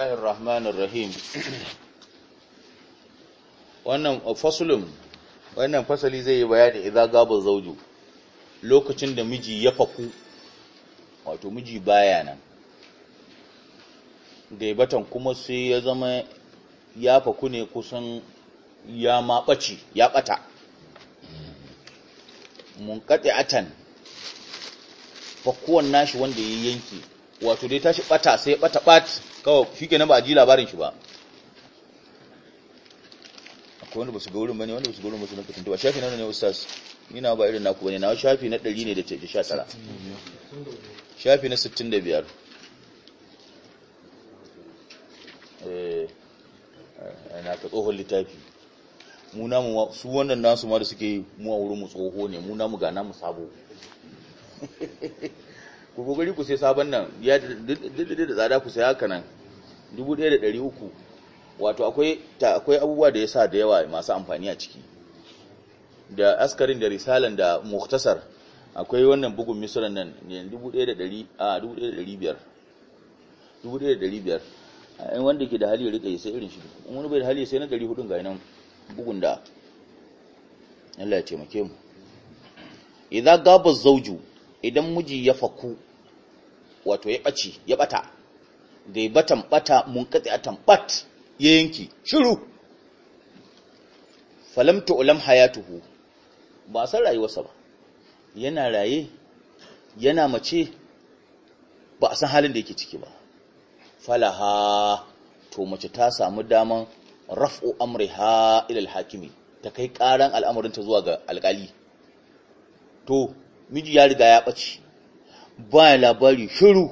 الله الرحمن الرحيم wannan fasulun wannan fasali zai yi bayani idan gaba zauju lokacin da miji ya faku wato miji baya nan Da batan kuma sai ya zama ya faku ne kusan ya ma bace ya ɓata mun atan fakuwan nashi wanda ya yanki wato dai tashi bata sai bata bat kawai shikenan ba a ji labarin shi ba akwai wanda ba su ga wurin bane wanda ba su ga wurin ba su na fitin ba shafi nan ne ustaz ina ba irin naku bane na shafi na 100 ne da 19 shafi na 65 eh ana eh, ka tsohon littafi mu su wannan nasu ma da suke mu a wurin mu tsoho ne mu gana ga sabo ku kokari ku sai sabon nan ya dade da tsada ku sai haka nan 1300 wato akwai abubuwa da ya sa da yawa masu amfani a ciki da askarin da risalan da muktasar akwai wannan bugun misuran nan ne 1100 a 1500 a in wanda ke da hali ya sai irin shi in wani bai da hali sai na hudun ga nan bugun da Allah ya taimake mu idan gabas zauju idan miji ya faku wato ya ɓace ya ɓata da ya batan ɓata mun katse a tambat ya yanki shiru falamta ulam hayatuhu ba san rayuwarsa ba yana raye yana mace ba a san halin da yake ciki ba falaha to mace ta samu daman raf'u amriha ila alhakimi ta kai karan al'amarin zuwa ga alkali to miji ya riga ya ɓace ba labari shiru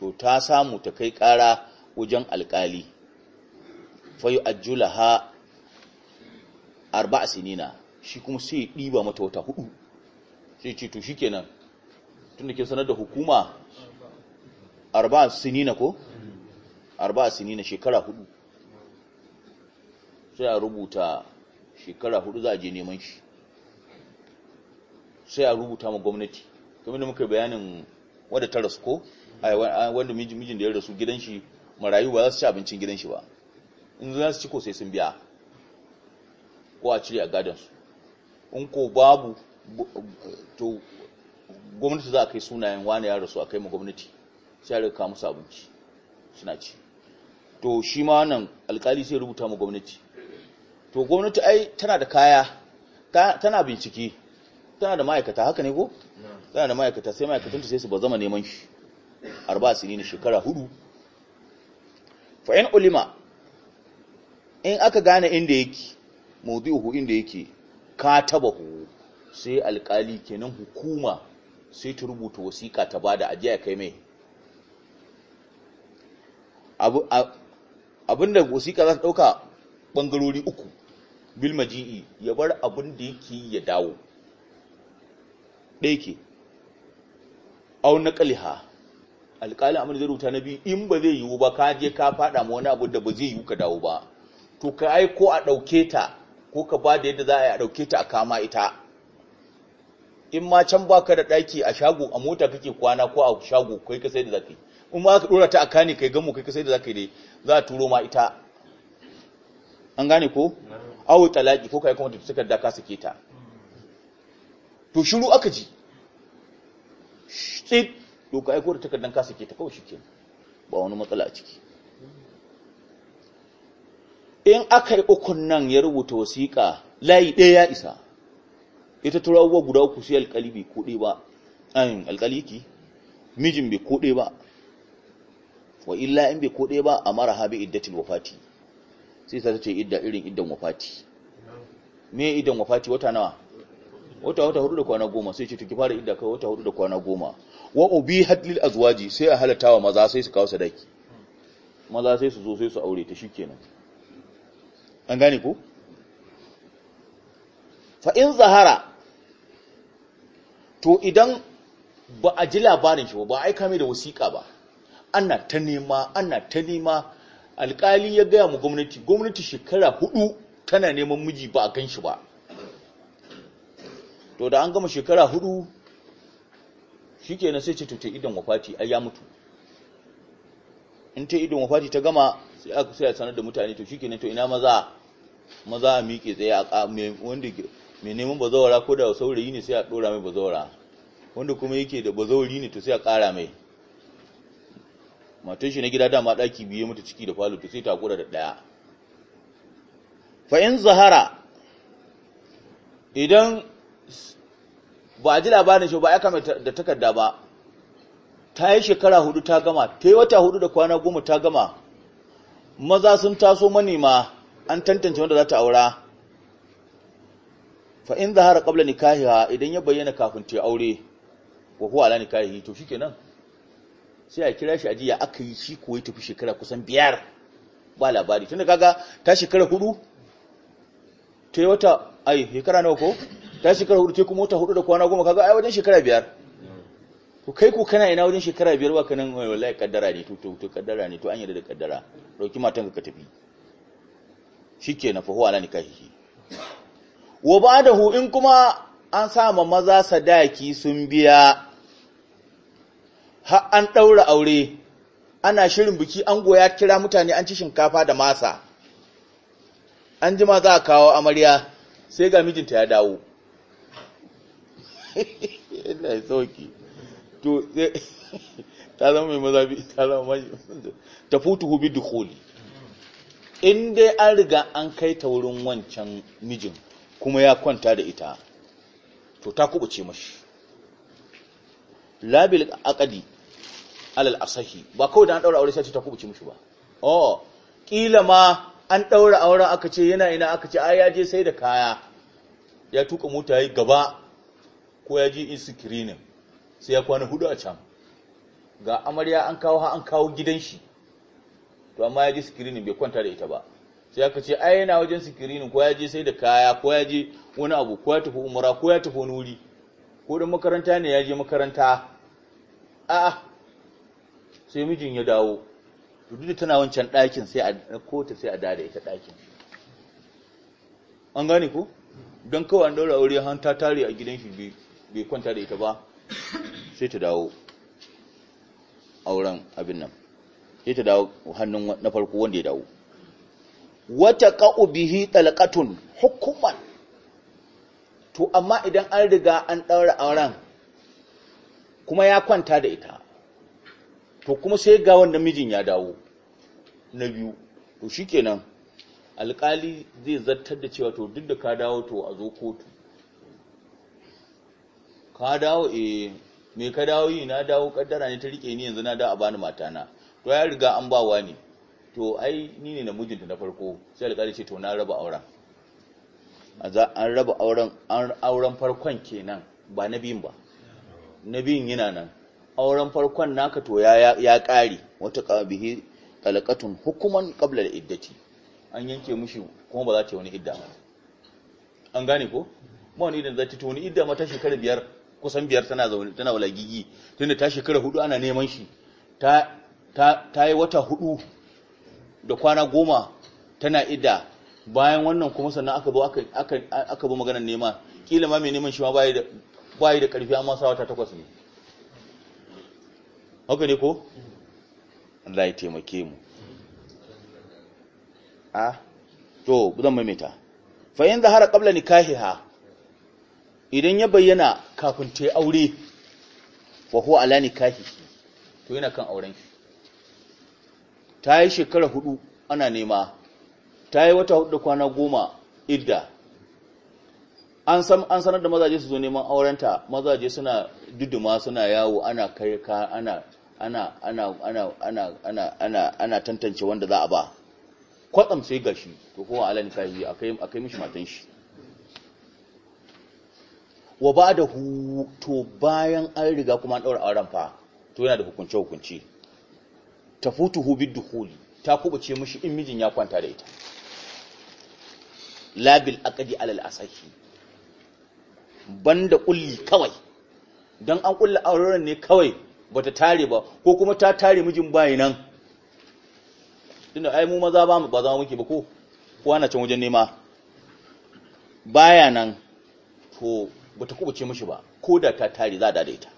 to ta samu ta kai ƙara wajen alƙali fayu ajulaha arba'a sinina shi kuma sai ɗiba mata wata hudu sai ce to shi tun da ke sanar da hukuma arba'a sinina ko arba'a sinina shekara hudu sai a rubuta shekara hudu za a je neman shi sai a rubuta ma gwamnati kamar da muka bayanin wadda ta rasu ko wanda mijin da ya rasu gidan shi marayu ba za su ci abincin gidan shi ba in za su ci ko sai sun biya ko a cire a gadon su in ko babu to gwamnati za a kai sunayen wani ya rasu a kai ma gwamnati sai a rika musu abinci suna ci to shi ma nan alkali sai rubuta ma gwamnati to gwamnati ai tana da kaya tana bincike tana da ma'aikata haka ne ko tana da ma'aikata sai ma'aikatan ta sai su ba zama neman shi arba sinin shekara hudu fa'in ulima in aka gane inda yake mawdu'uhu inda yake katabahu sai alkali kenan hukuma sai ta rubuta wasiƙa ta bada ajiya kai mai abu abinda wasiƙa za ta dauka bangarori uku bilmajii ji'i, ya bar abin da yake ya dawo ɗaya ke au naqliha alƙalin abin zai rubuta na biyu in ba zai yiwu ba ka je ka faɗa ma wani abu da ba zai yiwu ka dawo ba to ka ai ko a ɗauke ta ko ka ba da yadda za a yi a ɗauke ta a kama ita in ma can ba ka da ɗaki a shago a mota kake kwana ko a shago kai ka sai da zaka yi in ma ka ɗora ta a kani kai gamu kai ka sai da zaka yi dai za a turo ma ita an gane ko awu talaki ko kai kuma ta da ka sake ta to shiru aka ji shit doka aiko da takardar ka ke ta kawai shike ba wani matsala a ciki in aka yi ukun nan ya rubuta wasiƙa layi ɗaya ya isa ita tura abubuwa guda uku sai alƙali bai koɗe ba ayin alƙali ki mijin bai koɗe ba wa illa in bai koɗe ba a mara habi iddatin wafati sai ta ce idda irin iddan wafati me iddan wafati wata nawa wata wata hudu da kwana goma sai ce tuki ki fara idda kai wata hudu da kwana goma wa ubihat hadlil azwaji sai a wa maza sai su kawo sadaki maza sai su zo sai su aure ta shikenan an gane ko fa in zahara to idan ba a ji labarin shi ba ba aika mai da wasiƙa ba ana ta nema ana ta nema alƙali ya gaya mu gwamnati gwamnati shekara hudu tana neman miji ba a kan shi ba to da an gama shekara hudu shikenan sai ce to ta wafati ai ya mutu in ta idon wafati ta gama sai aka sai sanar da mutane to nan to ina maza maza a miƙe tsaye a wanda mai neman bazawara ko da saurayi ne sai a ɗora mai bazawara wanda kuma yake da bazawari ne to sai a ƙara mai matan shi na gida dama ɗaki biye mata ciki da falo to sai ta kura da ɗaya fa'in zahara idan ba a ji labarin shi ba ya kama da takarda ba ta yi shekara hudu ta gama ta yi wata hudu da kwana goma ta gama maza sun taso manema an tantance wanda za ta aura fa in zahara nikahi ha idan ya bayyana kafin ta aure wa kuwa ala nikahi to shi nan. sai a kira shi ajiya aka yi shi koyi tafi shekara kusan biyar ba labari tun da kaga ta shekara hudu ta yi wata ai shekara nawa ko ta shekara hudu ta kuma wata hudu da kwana goma kaga ai wajen shekara biyar "Ku kai ko kana ina wajen shekara biyar ba kanan wallahi kaddara ne to to kaddara ne to an yarda da kaddara dauki matan ka tafi shikenan fa huwa ala nikahi wa ba'dahu in kuma an sama maza sadaki sun biya Ha an daura aure ana shirin biki an goya kira mutane an ci shinkafa da masa an jima za a kawo amarya sai ga mijinta ya dawo Allah ya sauki to eh, ta zama mai mazabi ta zama mai ta futu hubi dukhuli in dai an riga an kai ta wurin wancan mijin kuma ya kwanta da ita to ta kubuce mashi labil aqdi alal asahi ba kawai da an daura aure sai ta kubuce mashi ba oh kila ma an daura auren aka ce yana ina aka ce ai ya je sai da kaya ya tuka mota yi gaba ko ya je iskirinin sai ya kwana hudu a can ga amarya an kawo ha an kawo gidan shi to amma ya je sikirinin bai kwanta da ita ba sai aka ce ai yana wajen sikirinin ko ya je sai da kaya ko ya je wani abu ko ya tafi umara ko ya tafi wani wuri ko dan makaranta ne ya je makaranta a'a sai mijin ya dawo duk da tana wancan ɗakin sai a kota sai a da ita ɗakin an gane ko don kawai an ɗaura aure hanta tare a gidan shi biyu bai kwanta da ita ba sai ta dawo auren abin nan sai ta dawo hannun na farko wanda ya dawo wata ka'u bihi talqatun hukuman to amma idan an riga an daura auren kuma ya kwanta da ita to kuma sai ga wanda mijin ya dawo na biyu to shikenan alkali zai zartar da cewa to duk da ka dawo to a zo kotu ka dawo eh me ka dawo yi na dawo kaddara ne ta rike ni yanzu na da a bani matana to ya riga an bawa ni. to ai ni ne na mijinta na farko sai alƙali ce to na raba auren an raba auren an auren farkon kenan ba na biyun ba na biyun yana nan auren farkon naka to ya ya ƙari wata qabihi talaqatun hukuman qabla iddati an yanke mushi kuma ba za ta yi wani idda an gane ko mawani idan zai ta wani idda mata shekaru biyar kusan biyar tana zaune tana walagigi tunda ta shekara hudu ana neman shi ta ta ta yi wata hudu da kwana goma tana ida bayan wannan kuma sannan aka bo aka aka bu maganar nema kila ma mai neman shi ma bai da bai da karfi amma sa wata takwas ne haka ne ko Allah ya taimake mu a ah, to zan maimaita fa in zahara qabla nikahiha idan ya bayyana kafin ta aure wa huwa ala nikahi to yana kan auren shi ta yi shekara hudu ana nema ta yi wata hudu kwana goma idda an sanar da mazaje su zo neman aurenta mazaje suna duduma suna yawo ana kai ka ana ana ana ana ana ana ana ana tantance wanda za a ba kwatsam sai gashi to kowa ala nikahi akai akai mishi matan shi wa ba da hu to bayan an riga kuma an ɗaura auren fa to yana da hukunce hukunci ta futu hu ta kubuce mishi in mijin ya kwanta da ita labil aqdi alal asahi banda kulli kawai dan an ƙulla auren ne kawai bata tare ba ko kuma ta tare mijin bayi nan tunda ai mu maza ba mu ba za mu muke ba ko kowa na can wajen nema baya nan to ba ta kubuce mashi ba ko da ta tare za da ita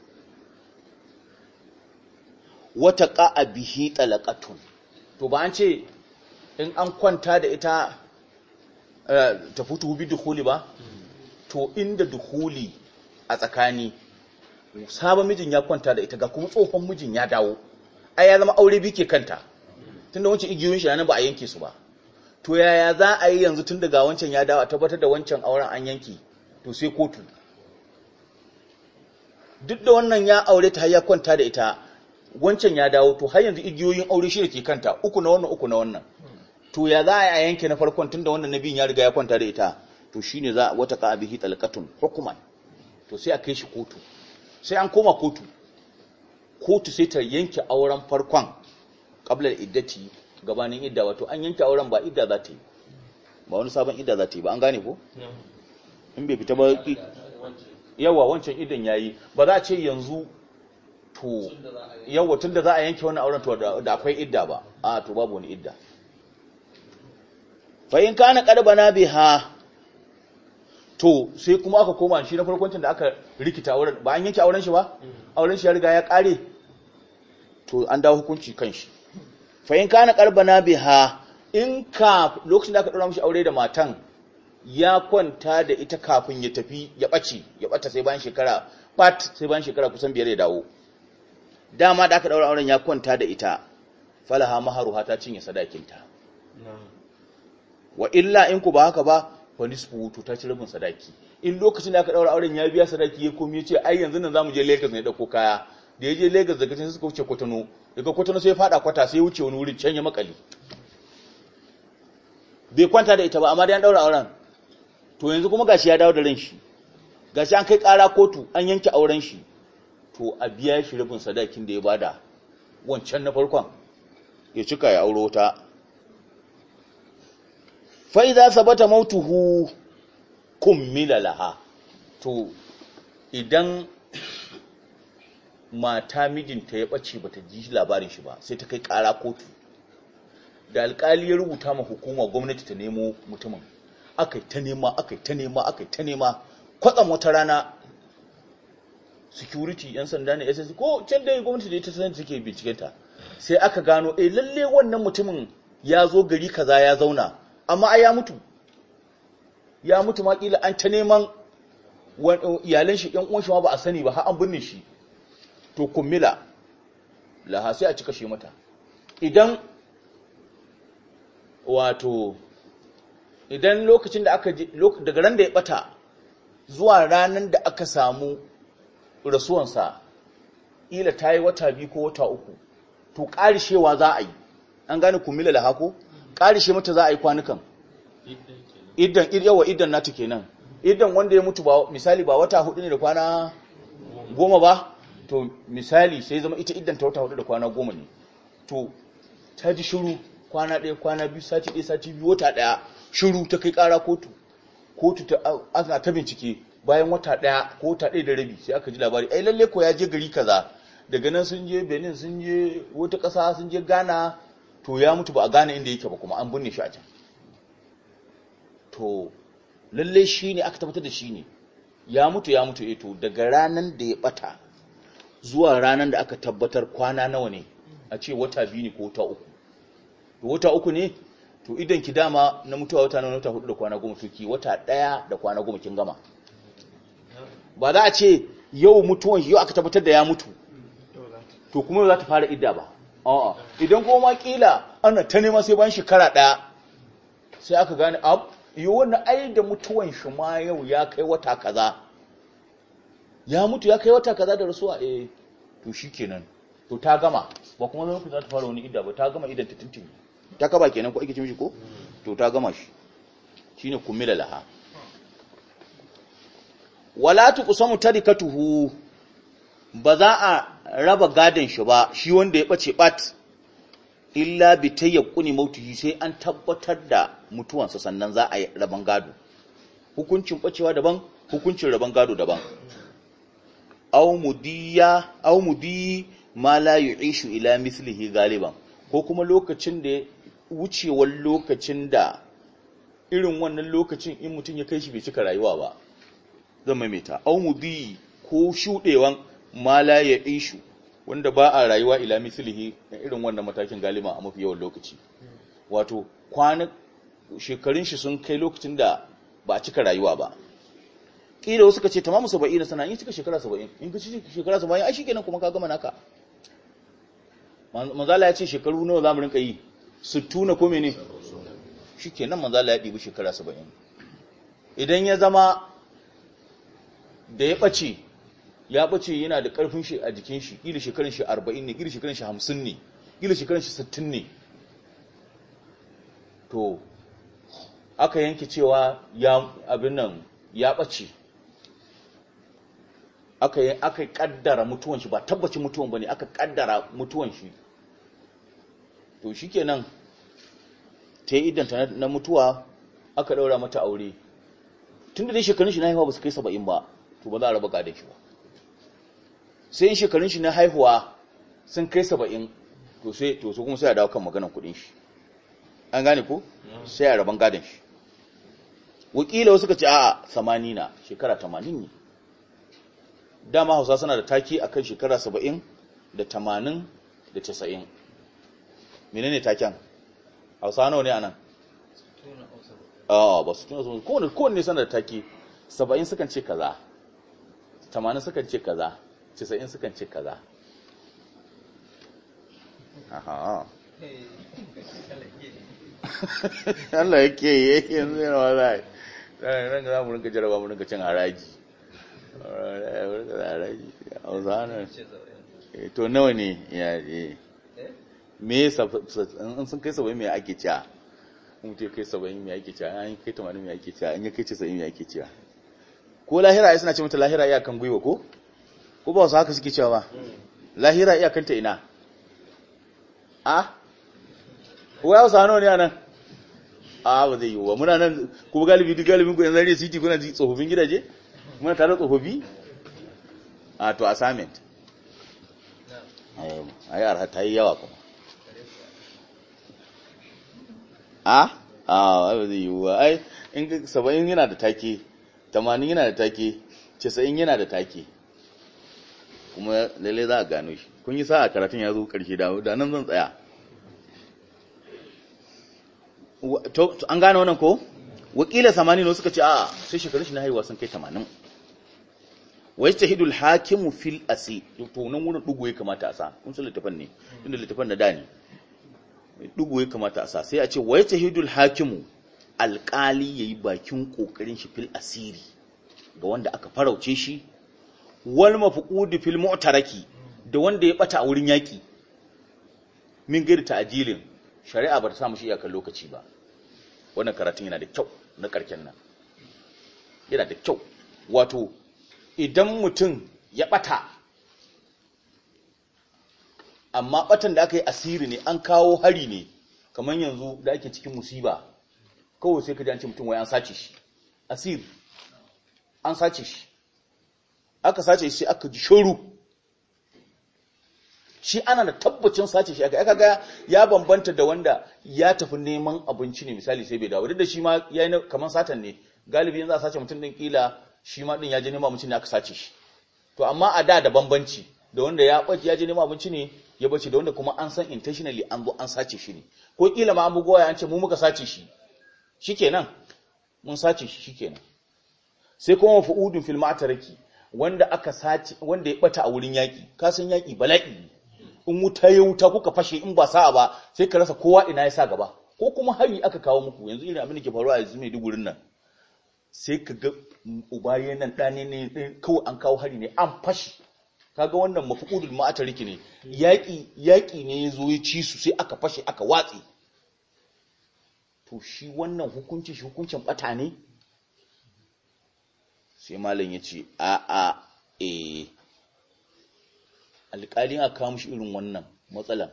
wata ƙa'a bihi talaqatun to ba an ce in an kwanta da ita eh, ta fito hubi duhuli ba to inda duhuli a tsakani sabon mijin ya kwanta da ita ga kuma tsohon mijin ya dawo A ya zama aure bi ke kanta tun da wancan igiyoyin shi nan ba a yanke su ba to yaya za a yi yanzu tun daga wancan ya dawo a tabbatar da wancan auren an yanke to sai kotu duk da wannan ya aure ta ya kwanta da ita wancan ya dawo to har yanzu igiyoyin aure shi da ke kanta uku na wannan uku na wannan to ya za a yanke na farkon tunda wannan nabiyin ya riga ya kwanta da ita to shine za wata ka abihi talqatun hukuman to sai a kai shi kotu sai an koma kotu kotu sai ta yanke auren farkon qabla iddati gabanin idda wato an yanke auren ba idda za ta yi ba wani sabon idda za ta yi ba an gane ko in bai fita ba yawa wancan idan yayi ba za a ce yanzu to yawa da za a yanke wannan auren to da akwai idda ba a to babu wani idda na karba na qadbana ha to sai kuma aka koma shi na farkon da aka rikita auren ba an yanke auren shi ba auren shi ya riga ya kare to an dawo hukunci kan shi fa in na qadbana ha in ka lokacin da aka dora mishi aure da matan ya kwanta da ita kafin ya tafi ya ɓace ya ɓata sai bayan shekara Pat sai bayan shekara kusan biyar ya dawo dama da aka ɗaura auren ya kwanta da ita falaha maharuha ta cinye sadakinta wa illa in ku ba haka ba fa nisfu wutu ta ci rabin sadaki in lokacin da aka ɗaura auren ya biya sadaki ya komi ya ce ai yanzu nan zamu je Lagos ne ko kaya da ya je Lagos daga can suka wuce Kwatano daga Kwatano sai ya fada kwata sai ya wuce wani wurin can ya makali bai kwanta da ita ba amma da ya ɗaura auren to yanzu kuma gashi ya dawo da ran shi gashi an kai ƙara kotu an yanke auren shi to a biya shi rabin sadakin da ya bada wancan na farkon ya cika ya auro ta fa idza sabata mautuhu kummila laha to idan mata mijinta ya bace bata ji labarin shi ba sai ta kai ƙara kotu da alƙali ya rubuta ma hukuma gwamnati ta nemo mutumin aka yi ta nema aka yi ta nema aka yi ta nema kwatsam wata rana security yan sanda ne SS ko can dai gwamnati da ita san take binciken ta sai aka gano eh lalle wannan mutumin ya zo gari kaza ya zauna amma ai ya mutu ya mutu ma kila an ta neman uh, iyalan shi ɗan uwan shi ma ba a sani ba har an binne shi to kummila laha sai a cika shi mata idan wato idan lokacin da aka daga ran da ya bata zuwa ranan da aka samu rasuwansa ila ta yi wata biyu ko wata uku to ƙarishewa za a yi an gane kumila da hako ƙarishe mata za a yi kwanukan idan yawa idan nata kenan idan wanda ya mutu ba misali ba wata hudu ne da kwana goma ba to misali sai zama ita idan ta wata hudu da kwana goma ne to ta ji shiru kwana ɗaya kwana biyu sati ɗaya sati biyu wata ɗaya shiru ta kai kara kotu kotu ta ana ta bincike bayan wata daya ko wata daya da rabi sai aka ji labari ai lalle ko ya je gari kaza daga nan sun je Benin sun je wata kasa sun je Ghana to ya mutu ba a Ghana inda yake ba kuma an binne shi a can to lalle shine aka tabbatar da shine ya mutu ya mutu eh to daga ranan da ya bata zuwa ranan da aka tabbatar kwana nawa ne a ce wata biyu ne ko wata uku wata uku ne to idan ki dama na mutuwa wata na wata hudu da kwana goma to ki wata daya da kwana goma kin gama ba za a ce yau mutuwan shi yau aka tabbatar da ya mutu to kuma za ta fara idda ba a'a idan kuma kila ana ta nema sai bayan shekara daya sai aka gane ab yi wannan ai da mutuwan shi ma yau ya kai wata kaza ya mutu ya kai wata kaza da rasuwa eh to shikenan to ta gama ba kuma zan ku za ta fara wani idda ba ta gama idan ta tuntuni ta kaba kenan ko ake ce mishi ko to ta gama shi shine kumila laha wala tuqsamu tarikatuhu ba za a raba gadon shi ba shi wanda ya bace bat illa bi tayaqquni mautihi sai an tabbatar da mutuwansa sannan za a yi raban gado hukuncin bacewa daban hukuncin raban gado daban aw mudiya aw mudi ma la yu'ishu ila mislihi galiban ko kuma lokacin da wucewar lokacin da irin wannan lokacin in mutum ya kai shi bai cika rayuwa ba zan maimaita au mudi ko shudewan mala ya ishu wanda ba a rayuwa ila mislihi na irin wannan matakin galima a mafi yawan lokaci wato kwanan shekarun shi sun kai lokacin da ba a cika rayuwa ba kila wasu kace tamamu 70 na sana'in cika shekara 70 in ka cika shekara 70 ai shikenan kuma ka gama naka manzala ya ce shekaru nawa zamu rinka yi tuna ko mene shikenan manzo Allah ya dibi shekara 70 idan ya zama da ya bace ya bace yana da karfin shi a jikin shi kila shekaran shi 40 ne kila shekaran shi 50 ne kila shekaran shi 60 ne to aka yanke cewa ya abin nan ya bace aka aka kaddara mutuwan shi ba tabbacin mutuwan bane aka kaddara mutuwan shi to shikenan ta yi idanta na mutuwa aka daura mata aure tunda dai shekarun shi na haihuwa ba su kai saba'in ba to ba za a raba gadon shi ba sai yin shekarun shi na haihuwa sun kai saba'in to sai to su kuma sai a dawo kan maganan kudin shi an gane ko sai a raban gadon shi wakila wasu ka ci a na shekara tamanin ne dama hausa suna da taki akan shekara saba'in da tamanin da casa'in menene taken hausano ne anan ah, ba su tuna su kowane kowane sanar da take saba'in sukan ce kaza tamanin sukan ce kaza cisa'in sukan ce kaza Allah ya ke yi yanzu yana wala ɗan ga mu rinka jaraba mu rinka cin haraji eh, haraji a eh, to nawa ne ya eh. me in sun kai saba'in me ake cewa in mutum kai saba'in me ake cewa an kai tamanin me ake cewa in ya kai casa'in me ake cewa ko lahira ya suna ce mata lahira iya kan gwiwa ko ko ba wasu haka suke cewa ba lahira iya kanta ina a ko ya wasu hannu ne a nan a ba zai yi wa muna nan ko galibi duk galibin kudin zariya city kuna ji tsofaffin gidaje muna tare tsofaffi a to assignment a yi arha ta yi yawa kuma a a ba zai yiwuwa ai in saba'in yana da take tamanin yana da take casa'in yana da take kuma lele za a gano shi kun yi sa'a karatun ya zo karshe da nan zan tsaya an gano wannan ko wakila samanino suka ce a sai shekarun shi na haihuwa sun kai tamanin wa yastahidul hakimu fil asi to nan wurin dugo ya kamata a sa kun san littafin ne inda littafin da dani Dugu ya kamata a sa sai a ce wa yatahidul hakimu alƙali yi bakin ƙoƙarin shi fil asiri ga wanda aka farauce shi wal mafqud fil mu'taraki da wanda ya ɓata a wurin yaki min ta ajilin shari'a ba ta samu shi iyakar lokaci ba wannan karatun yana da kyau na karken nan yana da kyau wato idan mutum ya ɓata. amma batan da aka yi asiri ne an kawo hari ne kamar yanzu da ake cikin musiba kawai sai ka ji mutum wai an sace shi asir an sace shi aka sace shi aka ji shuru shi ana da tabbacin sace shi aka ga ya bambanta da wanda ya tafi neman abinci ne misali sai bai dawo duk da shi ma yayi kamar satan ne galibi yanzu a sace mutum din kila shi ma din ya je neman abinci ne aka sace shi to amma a da da bambanci da wanda ya ɓace, ya je neman abinci ne ya bace da wanda kuma an san intentionally an zo an sace shi ne ko kila ma an ya an ce mu muka sace shi shikenan mun sace shi shikenan sai kuma fuudun fil ma'taraki wanda aka sace wanda ya bata a wurin yaki ka san yaki bala'i in wuta ya wuta kuka fashe in ba sa'a ba sai ka rasa kowa ina ya sa gaba ko kuma hari aka kawo muku yanzu irin abin da ke faruwa a yanzu mai dugurin nan sai ka ga uba nan ɗane ne kawai an kawo hari ne an fashi kaga wannan mafukudul ma'atariki ne Yaƙi ne ne zo ya ci su sai aka fashe aka watse. to shi wannan hukunci shi hukuncin bata ne sai malam ya ce a a eh. alƙalin a kawo shi irin wannan matsalan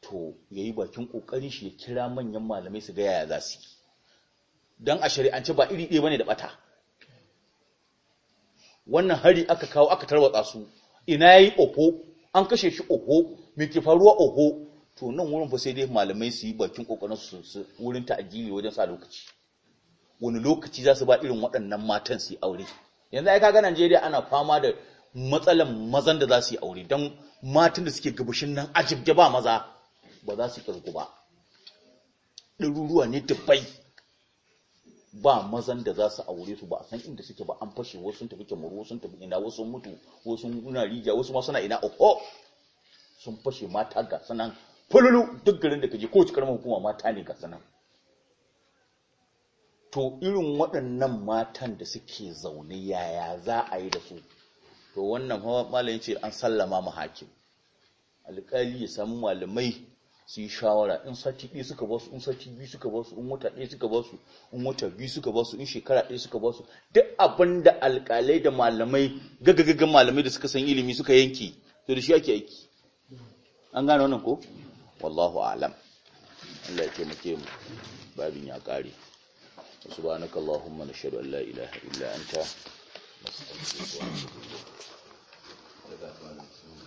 to ya yi bakin ƙoƙarin shi ya kira manyan malamai su ga yaya za su yi don a shari'ance ba iri ɗaya ba ne da ɓata wannan hari aka kawo aka tarwatsa su ina yayi oho an kashe shi oho mai ke faruwa oho to nan wurin fa sai dai malamai su yi bakin kokarin su su wurin ta'ajili wajen sa lokaci wani lokaci za su ba irin waɗannan matan su yi aure yanzu ai kaga Najeriya ana fama da matsalan mazan da za su yi aure dan matan da suke gabashin nan ajibje ba maza ba za su kirgu ba ɗaruruwa ne dubbai ba mazan da za su aure su ba a san inda suke ba an fashe wasu sun tafi wasu sun tafi ina wasu mutu wasu nuna rijiya wasu ma suna ina oko sun fashe mata ga sanan fululu duk garin da kaje kowace karamar hukuma mata ne ga sanan to irin waɗannan matan da suke zaune yaya za a yi da su to wannan malamin ce an sallama mu hakim alƙali ya samu malamai su yi shawara in sati ɗaya suka basu in sati biyu suka basu in wata ɗaya suka basu in wata biyu suka basu in shekara ɗaya suka basu duk abin da alƙalai da malamai gagagagan malamai da suka san ilimi suka yanke to da shi ake aiki an gane wannan ko wallahu alam Allah ya taimake mu babin ya ƙare subhanaka allahumma nashhadu an la ilaha illa anta nastaghfiruka wa natubu